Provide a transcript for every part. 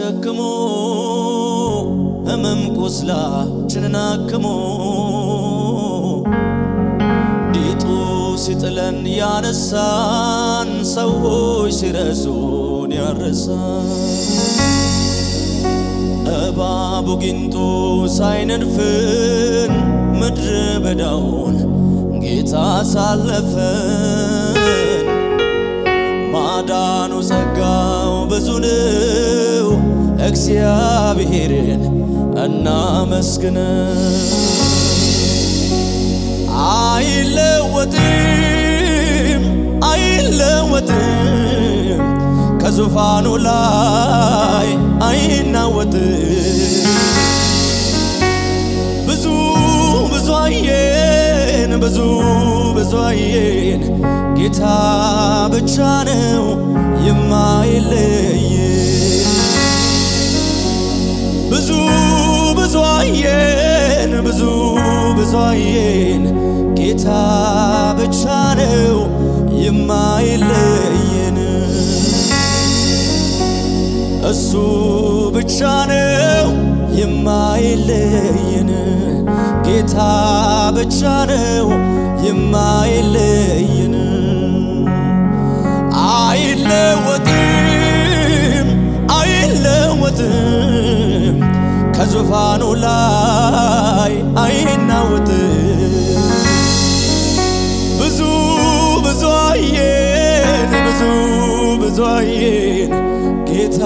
ተሸክሞ ህመም ቁስላችንን አክሞ ዲጡ ሲጥለን ያነሳን ሰዎች ሲረሱን ያረሳን እባቡ ጊንጡ ሳይነድፍን ምድረ በዳውን ጌታ ሳለፈን ማዳኑ ጸጋው ብዙ ነው። እግዚአብሔርን እናመስግን። አይለወጥም አይለወጥም ከዙፋኑ ላይ አይናወጥም። ብዙ ብዙ አየን ብዙ ብዙ አየን ጌታ ብቻ ነው የማይለይ ብዙ አየን ብዙ ብዙ አየን ጌታ ብቻ ነው የማይለየን እሱ ብቻ ነው የማይለየን ጌታ ብቻ ነው የማይለየን አይለወጥም አይለወጥም በዙፋኑ ላይ አይናውጥ ብዙ ብዙ አየን ብዙ ብዙ አየን ጌታ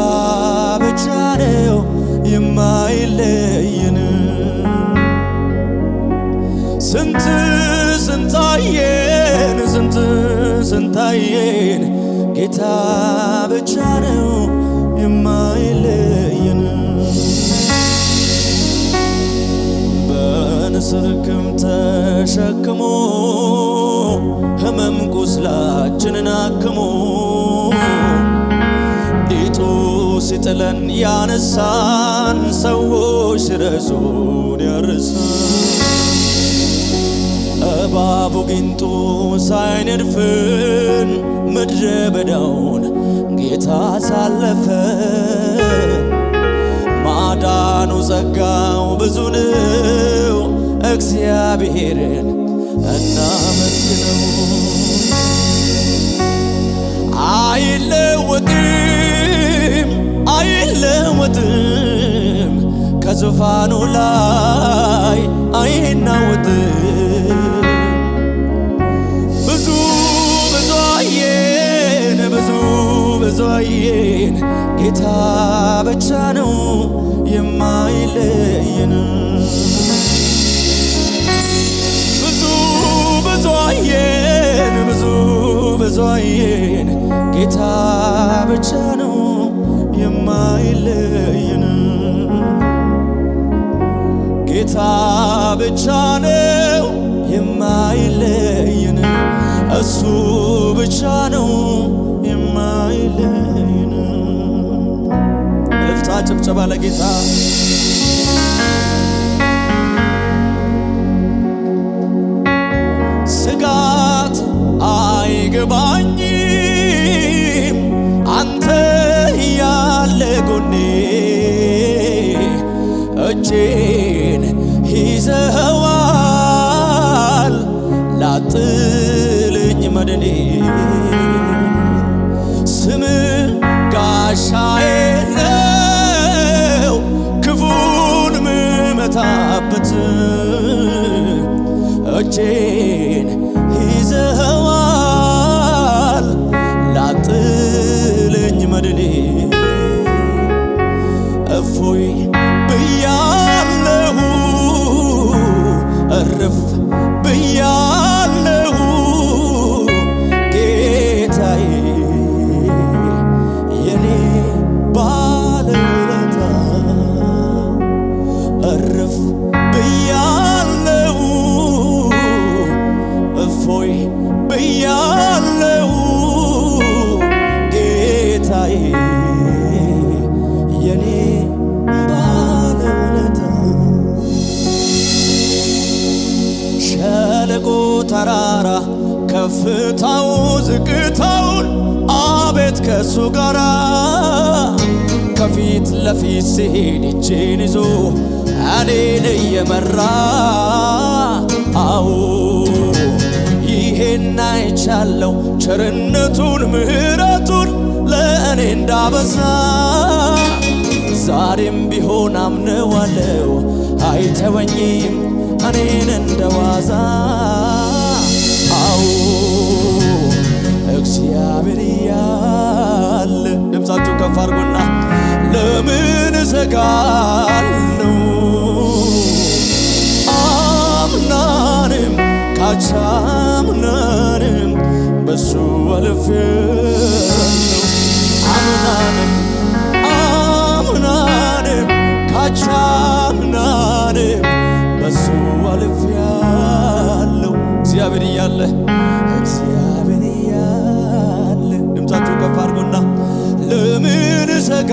ብቻ ነው የማይለየን ስንት ስንታየን ስንት ስንታየን ጌታ ብቻ ነው የማይለየን ጽድቅም ተሸክሞ ህመም ቁስላችንን አክሞ ዲጡ ሲጥለን ያነሳን ሰዎች ሲረሱን ያርሳን እባቡ ጊንጡ ሳይነድፍን ምድረ በዳውን ጌታ ሳለፈ ማዳኑ ጸጋው ብዙ ነው። እግዚአብሔርን እናመስግነው። አይለወጥም አይለወጥም ከዙፋኑ ላይ አይናወጥም። ብዙ ብዙ አየን ብዙ ብዙ አየን ጌታ ብቻ ነው የማይለየን ጉዞዬን ጌታ ብቻ ነው የማይለየን ጌታ ብቻ ነው የማይለየን እሱ ብቻ ነው የማይለየን እልልታ ጭብጨባ ለጌታ ቢርባኝም አንተ ያለ ጎኔ እጄን ይዘኸዋል ላጥልኝ መድኔ ስም ጋሻዬ ነው ክፉን ምመታበት እጄን አረፍ ብያ ከፍታው ዝቅታውን አቤት ከሱ ጋራ ከፊት ለፊት ሲሄድ እጄን ይዞ እኔን እየመራ አዎ ይሄን አይቻለው ቸርነቱን ምሕረቱን ለእኔ እንዳበዛ ዛሬም ቢሆን አምነዋለው አይተወኝም እኔን እንደዋዛ ነው እግዚአብሔር ያለ። ድምፃችሁ ከፍ አድርጎና ለምን እሰጋለሁ? አምናንም ካቻምናንም በሱ አልፌ አምናንም አምናንም ካቻ እግዚአብሔር እያለ እግዚአብሔር እያለ ድምፃችሁ ከፍ አድርጎና ለምን እሰጋ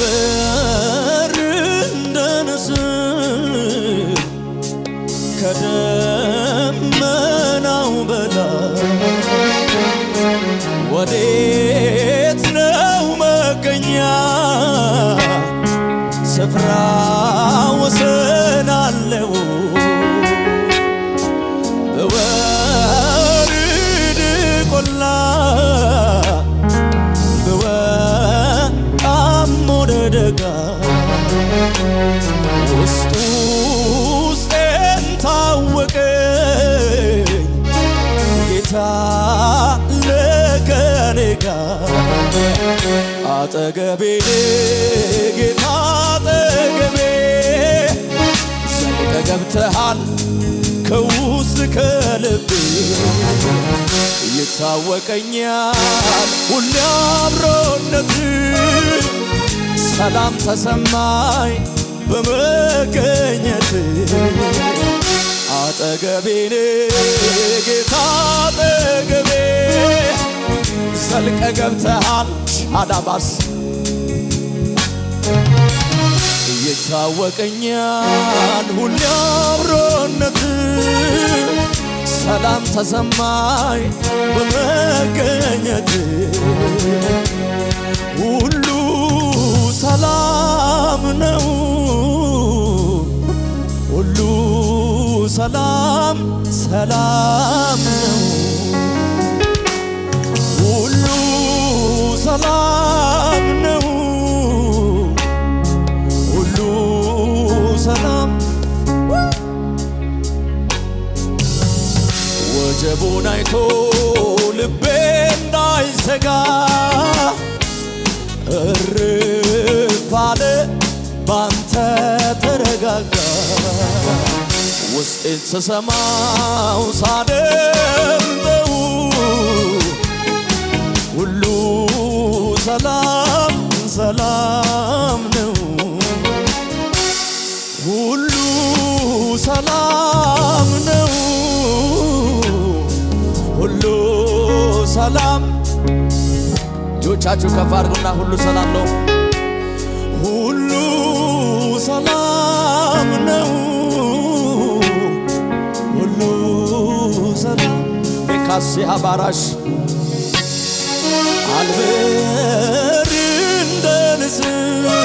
በር እንደ ንስር አጠገቤ ጌታ አጠገቤ ዘልቀ ገብተሃል ከውስጥ ከልቤ ይታወቀኛል ሁሌ አብሮነት ሰላም ተሰማኝ በመገኘት አጠገቤን ጌታ አጠገቤ ዘልቀ ገብተሃል አዳባስ ታወቀኛል ሁሌ አብሮነት ሰላም ተሰማኝ በመገኘት ሁሉ ሰላም ነው ሁሉ ሰላም ሰላም ነው ሁሉ ሰላም ነው ሰላም ወጀቡን አይቶ ልቤ እንዳይዘጋ እርፍ አለ ባንተ ተረጋጋ ውስጤን ስሰማው ሳደምጠው ሁሉ ሰላም ሰላም ነው ሰላም ነው ሁሉ ሰላም ልጆቻችሁ ከፍ አድርጉና ሁሉ ሰላም ነው ሁሉ ሰላም ነው ሁሉ ሰላም የካሴ አባራሽ አልበር እንደ ንስር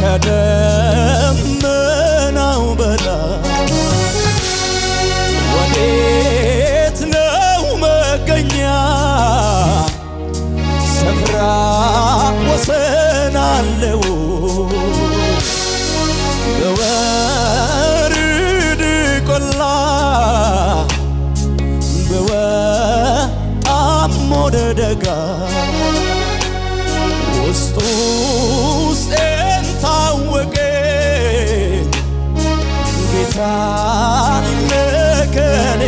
ከደመ ወሰን አለው በወርድ ቆላ በወአሞደ ደጋ ውስጡ ውስጤን ታወቀ ጌታ አለ ጋር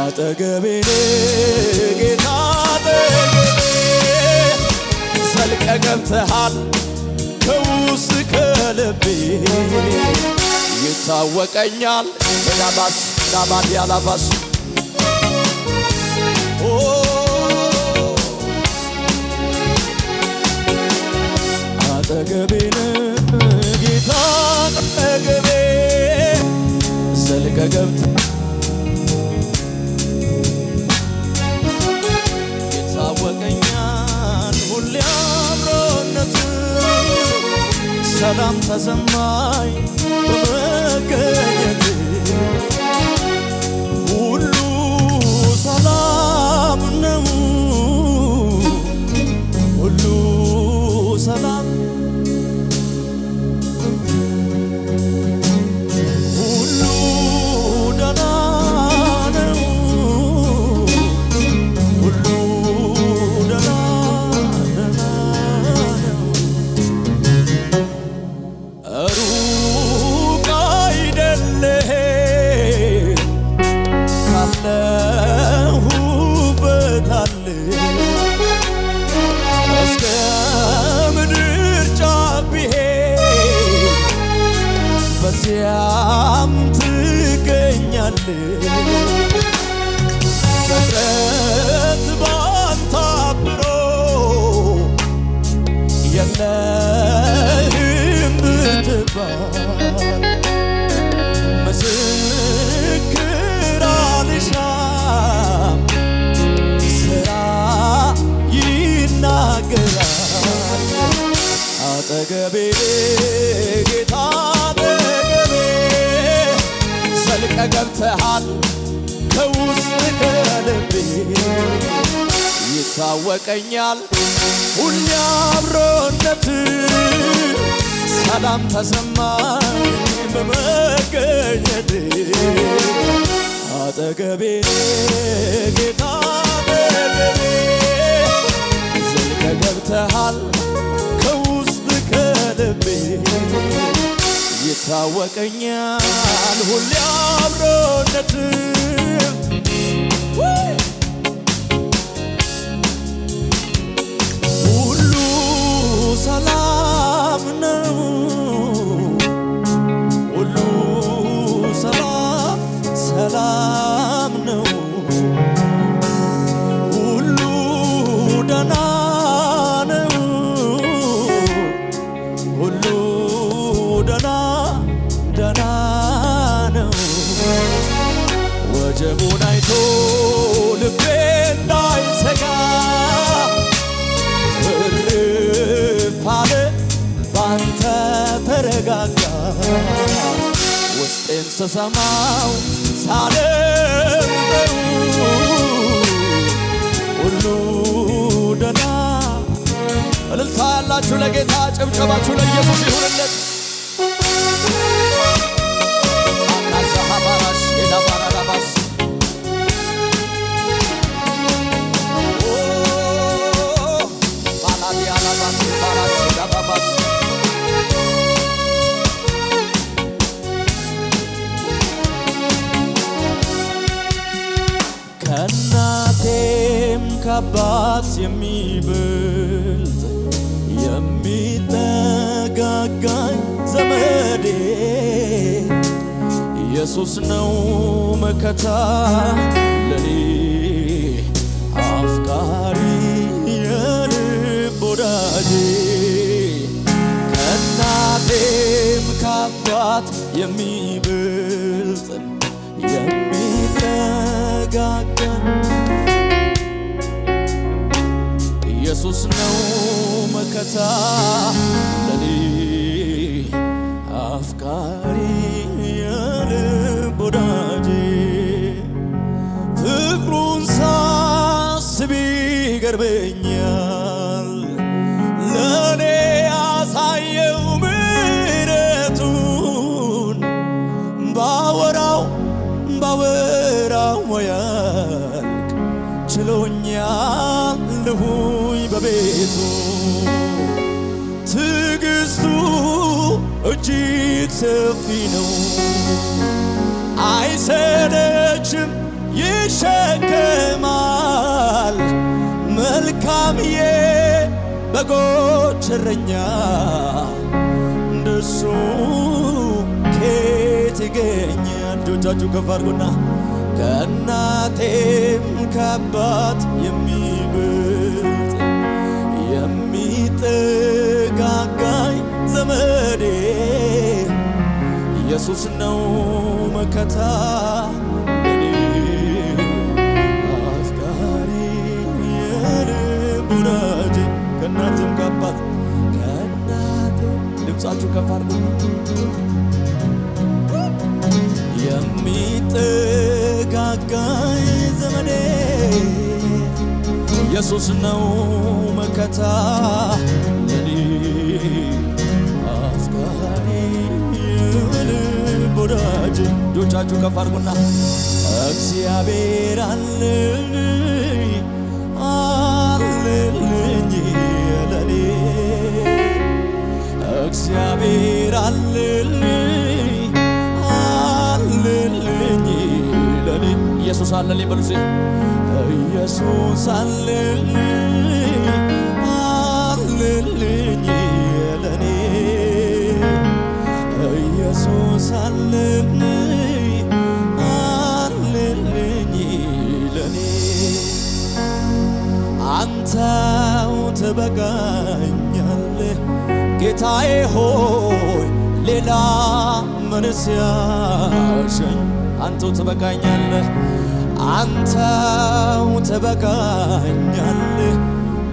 አጠገቤ ሰምተሃል ከውስጥ ከልቤ ይታወቀኛል ያላባስ አጠገቤን ጌታ አጠገቤ ዘልቀ ገብት ይታወቀኛል ሰላም ተሰማኝ በመገኘት ሁሉ ሰላም ይታወቀኛል ሁሌ አብሮነት ሰላም ተሰማኝ በመገኘት አጠገቤ ጌታ አጠገቤ ዘልቀ ገብተሃል ከውስጥ ከልቤ ይታወቀኛል ሁሌ አብሮነት ሰላም ነው ሁሉ ሰላም ሰላም ነው ሁሉ ደህና ነው ሁሉ ደህና ደህና ነው ወጀቡን አይቶ ልቤ ስሰማው ሳደምጠው ሁሉ ደና እልልታ ያላችሁ ለጌታ ጭብጨባችሁ ለኢየሱስ ይሁንለት። አባት የሚበልጥ የሚጠጋጋኝ ዘመዴ ኢየሱስ ነው መከታ ለኔ አፍቃሪ የልብ ወዳጄ ከእናቴም ከአባት የሚበልጥ የሚጠጋጋ ኢየሱስ ነው መከታ ትዕግሥቱ እጅግ ሰፊ ነው። አይሰለችም፣ ይሸከማል መልካምዬ በጎች እረኛ እንደሱ ኬት ይገኛል? እጆቻችሁ ከፍ አድርጉና ከእናቴም ከአባት የሚበልጥ የሚጥ ዘመዴ ኢየሱስ ነው መከታ አፍቃሪ የልብ ከእናትም ከአባት ከእናት ድምፃችሁ ከፍ የሚጠጋጋኝ ዘመዴ ኢየሱስ ነው እጆቻችሁ ከፍ አድርጉና እግዚአብሔር አለልኝ አለልኝ ለኔ እግዚአብሔር አለልኝ አለልኝ ለኔ ኢየሱስ አለልኝ በሉ ኢየሱስ አለልኝ አለልኝ ለኔ ኢየሱስ አለልኝ ለሰው ትበቃኛለህ ጌታዬ ሆይ ሌላ ምንስ ያሸኝ አንተው ትበቃኛለህ አንተው ትበቃኛለህ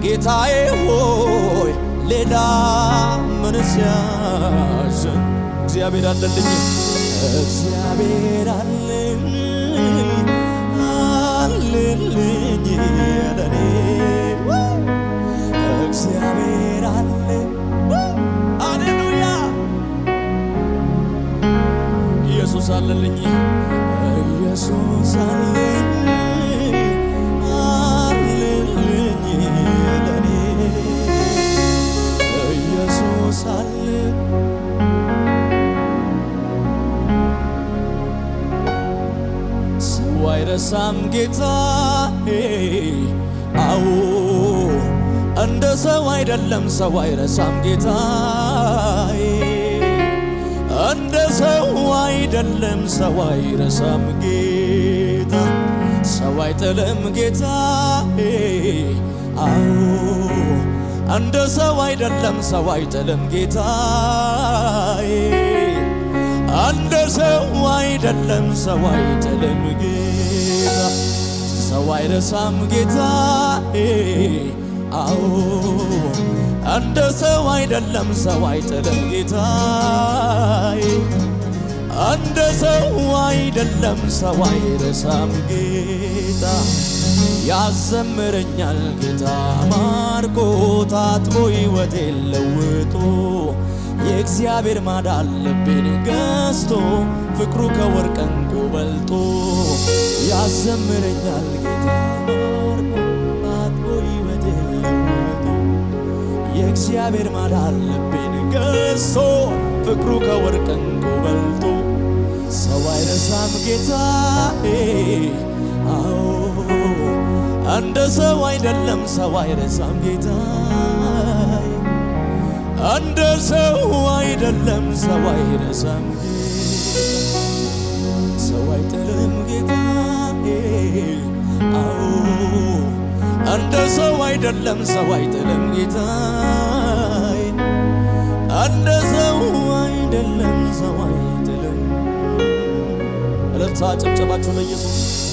ጌታዬ ሆይ ሌላ ምንስ ያሸኝ እግዚአብሔር አለልኝ እግዚአብሔር አለልኝ አለልኝ ለኔ ኢየሱስ አለልኝ ኢየሱስ አለልኝ አለልኝ ለኔ ኢየሱስ አለ ሰው አይረሳም አዎ እንደ ሰው አይደለም ሰው አይረሳም ጌታዬ ሰው አይደለም ሰው አይረሳም ጌታ ሰው አይጥልም ጌታ አዎ እንደ ሰው አይደለም ሰው አይጥልም ጌታ እንደ ሰው አይደለም ሰው አይጥልም ጌታ ሰው አይረሳም ጌታ አዎ እንደ ሰው አይደለም ሰው አይጥልም ጌታዬ፣ እንደ ሰው አይደለም ሰው አይረሳም ጌታ። ያዘምረኛል ጌታ ማርኮ ታጥቦ ሕይወቴ ለውጦ የእግዚአብሔር ማዳን ልቤን ገዝቶ ፍቅሩ ከወርቅ እንቁ በልጦ ያዘምረኛል ጌታ የእግዚአብሔር ማዳን ልቤን ገሶ ፍቅሩ ከወርቅ እንቁ በልጦ ሰው አይረሳም ጌታ አዎ እንደ ሰው አይደለም ሰው አይረሳም ጌታ እንደ ሰው አይደለም ሰው አይረሳም ሰው አይጥልም ጌታ አዎ እንደ ሰው አይደለም ሰው አይጥልም ጌታዬ፣ እንደ ሰው አይደለም ሰው አይጥልም። እልልታ ጭብጨባችሁ ለኢየሱስ